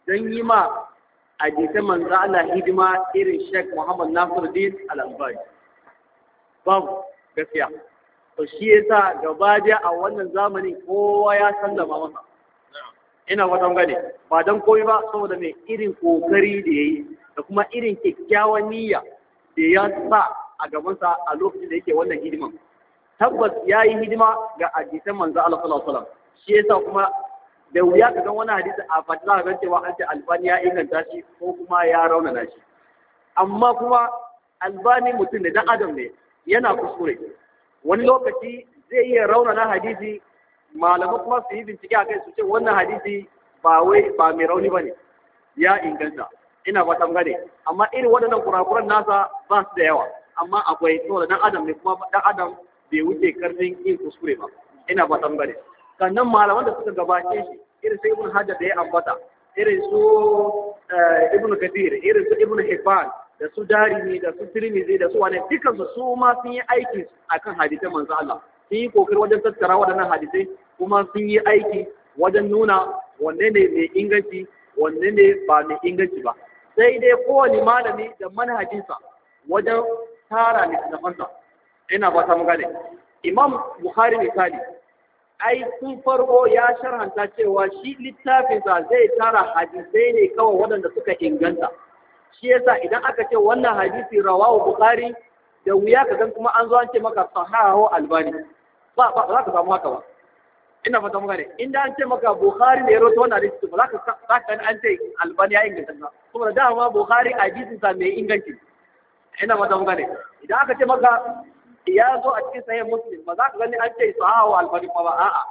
don yi ma a jita manzo Allah hidima irin Sheikh Muhammad Nasiruddin Al-Albani babu gaskiya to shi yasa gaba a wannan zamanin kowa ya sallama masa ina wata gane ba don komai ba saboda mai irin kokari da ya yi da kuma irin kyakkyawan niyya da ya sa a gabansa a lokacin da yake wannan hidiman tabbas ya yi hidima ga hadisan manzo Allah sallallahu shi yasa kuma da wuya ka gan wani hadisi a fatila ga cewa an ce albani ya inganta shi ko kuma ya raunana shi amma kuma albani mutum da dan adam ne yana kuskure wani lokaci zai iya raunana hadisi malamu kuma su yi bincike a kai su ce wannan hadisi ba wai ba mai rauni ba ne ya inganta ina ba ne amma irin waɗannan kurakuran nasa ba su da yawa amma akwai saboda dan adam ne kuma dan adam bai wuce karfin yin kuskure ba ina ba ne sannan malaman da suka gabace shi irin sai ibn hajar da ya ambata irin su eh, ibn kadir irin su ibn hibban da su darimi da su tirmizi da su wane dukansu su ma sun yi aiki akan hadisan manzo Allah sun yi kokari wajen tattara waɗannan hadisai kuma sun yi aiki wajen nuna wanne ne mai inganci wanne ne ba mai inganci ba sai dai kowane malami da manhajinsa wajen tara littattafansa ina ba ta gane imam buhari misali ai sun farko ya sharhanta cewa shi littafinsa zai tara hadisai ne kawai waɗanda suka inganta shi yasa idan aka ce wannan hadisi rawahu buhari da wuya ka kuma an zo an ce maka sahahu albani ba ba za ka samu haka ba ina fata muka ne inda an ce maka bukhari ne roto rawaito wannan hadisi ba za ka za an ce albani ya inganta ba da dama bukhari hadisin sa mai inganci ina fata muka ne idan aka ce maka ya zo a cikin sahih muslim ba za ka gani an ce sahawa albani ba a'a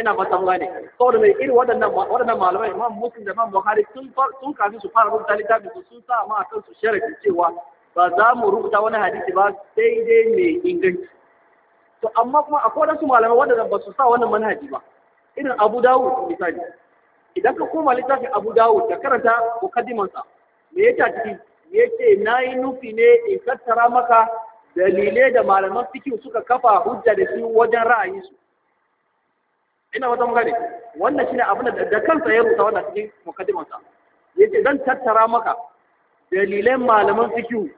ina fata muka ne saboda mai irin waɗannan waɗannan malamai ma muslim da ma bukhari sun sun su fara rubuta littafi su sun sa ma kansu sharadi cewa ba za mu rubuta wani hadisi ba sai dai mai inganci to amma kuma akwai wasu malamai wanda ba su sa wannan manhaji ba irin Abu Dawud misali idan ka koma littafin Abu Dawud da karanta sa me yake ciki yace nayi nufi ne in tattara maka dalilai da malaman fikihu suka kafa hujja da su wajen ra'ayinsu ina wata magana wannan shine abin da da kansa ya rubuta wannan cikin sa yace zan tattara maka dalilan malaman fikihu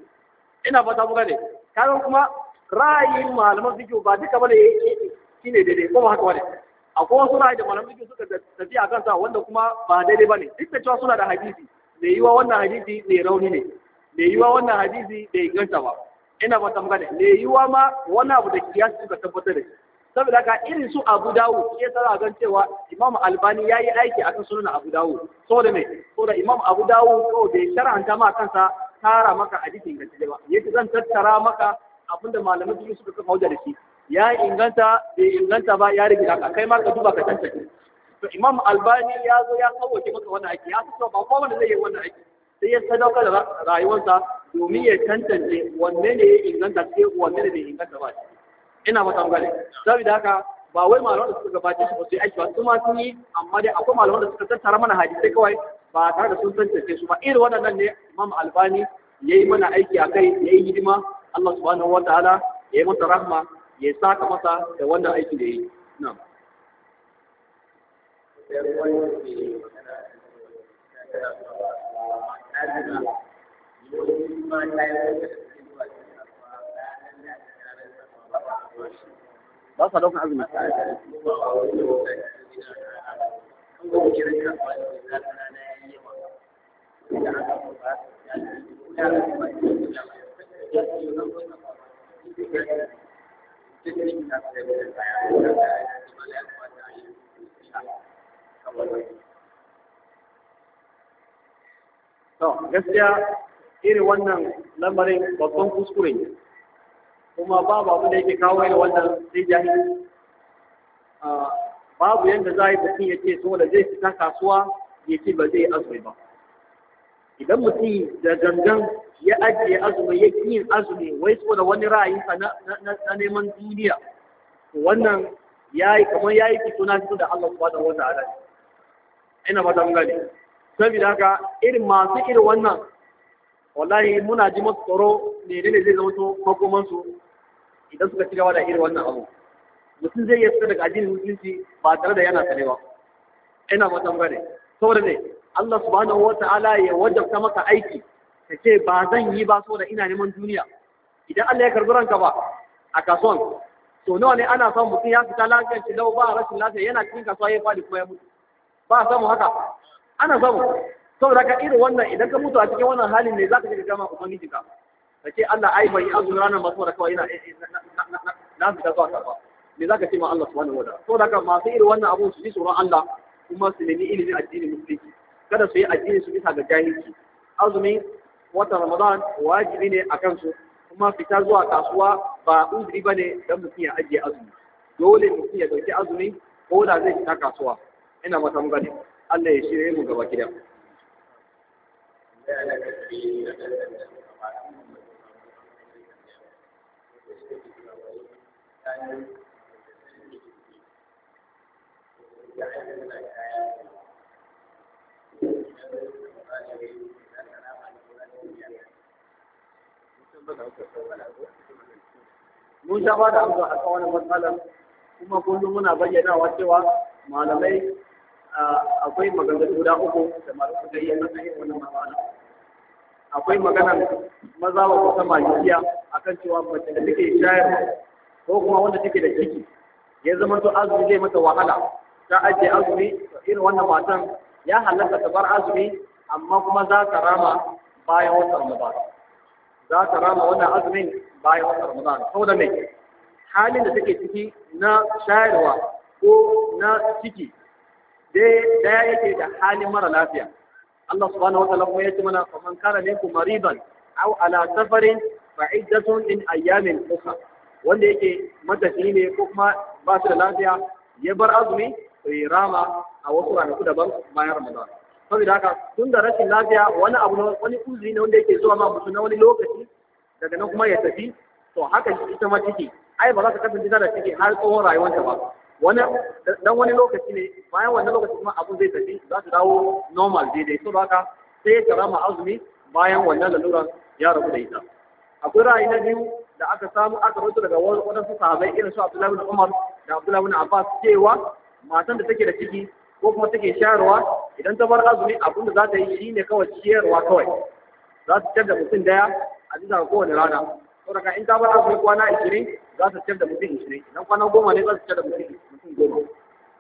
ina fata magana kaga kuma ra'ayin malaman fiqh ba duka bane shine daidai ko haka bane akwai wasu ra'ayi da malaman fiqh suka tafi a kansa wanda kuma ba daidai bane duk da cewa suna da hadisi da yiwa wannan hadisi ne rauni ne da yiwa wannan hadisi da inganta ba ina ba tambaya ne yiwa ma wani abu da kiyasi suka tabbatar da shi saboda haka irin su Abu Dawud ke tsara gan cewa Imam Albani yayi aiki akan sunan Abu Dawud saboda me saboda Imam Abu Dawud ko bai shar'anta ma kansa tara maka hadisi ingantacce ba yake zan tattara maka abinda malamin su suka kafa hujja da shi ya inganta bai inganta ba ya rage haka kai ma ka duba ka tantance to imam albani ya zo ya kawace maka wannan aiki ya fito ba ko wanda zai yi wannan aiki sai ya sadaukar da rayuwarsa domin ya tantance wanne ne ya inganta ce, wanne ne bai inganta ba ina mata gane saboda haka ba wai malaman da suka gabace su ba su yi aiki ba su ma sun yi amma dai akwai malaman da suka tattara mana hadisai kawai ba tare da sun tantance su ba irin waɗannan ne imam albani ya yi mana aiki a kai ya yi hidima Allah subhanahu wa ta'ala ya yi masa rahma ya saka masa da wannan aiki da yi na'am ba sa daukan azumin Thank you. gaskiya irin wannan lamarin babban kuskure ne kuma babu abu da yake kawo irin wannan sai jami. Ah, babu yadda za a yi mutum ya ce saboda zai fita kasuwa ya ce ba zai azumi ba idan mutum da gangan ya ajiye azumi ya yin azumi wai da wani ra'ayinsa na neman duniya wannan yayi kamar yi fito na fito da Allah subhanahu ala, ina ba ta gane saboda haka irin masu irin wannan wallahi muna ji masu tsoro ne ne zai zama to makoman su idan suka ci gaba da irin wannan abu mutum zai iya fita daga addinin musulunci ba tare da yana sane ba ina ba ta gane saboda ne Allah subhanahu wata'ala ya wajabta maka aiki ka ce ba zan yi ba da ina neman duniya idan Allah ya karbi ranka ba a kasuwan to nawa ne ana son mutum ya fita lafiyar shi lau ba rashin lafiya yana cikin kasuwa ya fadi kuma ya mutu ba samu haka ana samu saboda ka irin wannan idan ka mutu a cikin wannan halin ne za ka shiga gama ubangiji ka ka ce Allah ai bai azumi ranar ba saboda kawai ina eh, eh, na fita zuwa ba. me za ka ce ma Allah subhanahu wa ta'ala saboda ka masu irin wannan abun su ji tsoron Allah kuma su nemi ilimin addinin musulunci kada su yi addini su bisa ga jahilci azumi wata ramadan wajibi ne a kansu kuma fita zuwa kasuwa ba uzuri ba ne don mutum ya ajiye azumi dole mutum ya ɗauki azumi ko da zai fita kasuwa ina mata mu gani. Allah ya shirye mu gaba gida Thank you. mun sha ba da abu a kan matsalar kuma kullum muna bayyanawa cewa malamai akwai maganganu guda uku da masu suka yi a matsayin wannan matsala akwai maganar maza wa kusa a kan cewa mace da take shayar ko kuma wanda take da ciki ya zama to azumi zai mata wahala ta ajiye azumi irin wannan matan ya halatta ta bar azumi amma kuma za ta rama bayan wata Ramadan za ta rama wannan azumin bayan wata Ramadan saboda me halin da take ciki na shayarwa ko na ciki dai daya yake da halin mara lafiya Allah subhanahu wataala kuma yace mana fa man kana minkum maridan aw ala safarin fa iddatun min ayyamin ukhra wanda yake matafi ne ko kuma ba su da lafiya ya bar azumi rama a wasu ranaku daban bayan Ramadan. Saboda haka tun da rashin lafiya wani abu na wani uzuri ne wanda yake zuwa ma mutum na wani lokaci daga nan kuma ya tafi to haka ita ma ciki ai ba za ta kasance tana ciki har tsawon rayuwarta ba. Wani dan wani lokaci ne bayan wannan lokaci kuma abun zai tafi za ta dawo normal daidai saboda haka sai ka rama azumi bayan wannan laluran ya rabu da ita. Akwai ra'ayi na biyu da aka samu aka rubuta daga wadansu sahabai irin su Abdullahi bin Umar da Abdullahi bin Abbas cewa matan da take da ciki ko kuma take shayarwa idan ta bar azumi abin da za ta yi shi ne kawai ciyarwa kawai za ta ciyar da mutum daya a bisa kowane rana saboda in ta bar azumi kwana 20 za ta ciyar da mutum 20 idan kwana goma ne za ta ciyar da mutum goma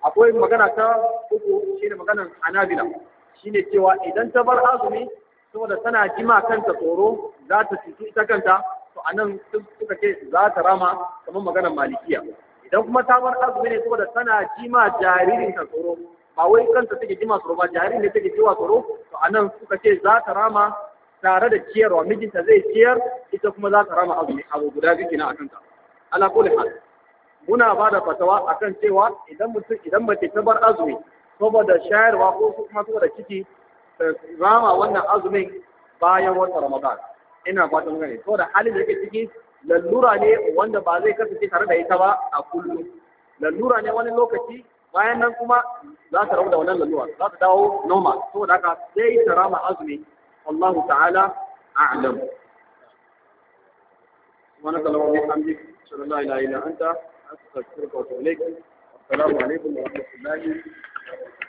akwai magana ta uku ne maganar shi ne cewa idan ta bar azumi saboda tana jima kanta tsoro za ta cutu ita kanta to anan suka ce za ta rama kamar maganar malikiya dan kuma ta bar azumi ne saboda tana jima jaririn ta tsoro ba wai kanta take jima tsoro ba jaririn ne take jiwa tsoro to anan suka ce za ta rama tare da ciyarwa mijinta zai ciyar ita kuma za ta rama azumi abu guda biyu kenan akan ta ala kulli hal muna ba da fatawa akan cewa idan mutum idan mace ta bar azumi saboda shayarwa ko kuma saboda ciki rama wannan azumin bayan wata ramadan ina fatan gane saboda halin da yake ciki lallura ne wanda ba zai kasance tare da ita ba a kullum lallura ne wani lokaci bayan nan kuma za ta rabu da wannan lallura za ta dawo normal saboda haka sai ta rama azumi Allahu ta'ala a'lam سبحانك اللهم وبحمدك sallallahu alaihi wa sallam الا انت استغفرك alaikum assalamu alaikum wa rahmatullahi wa barakatuh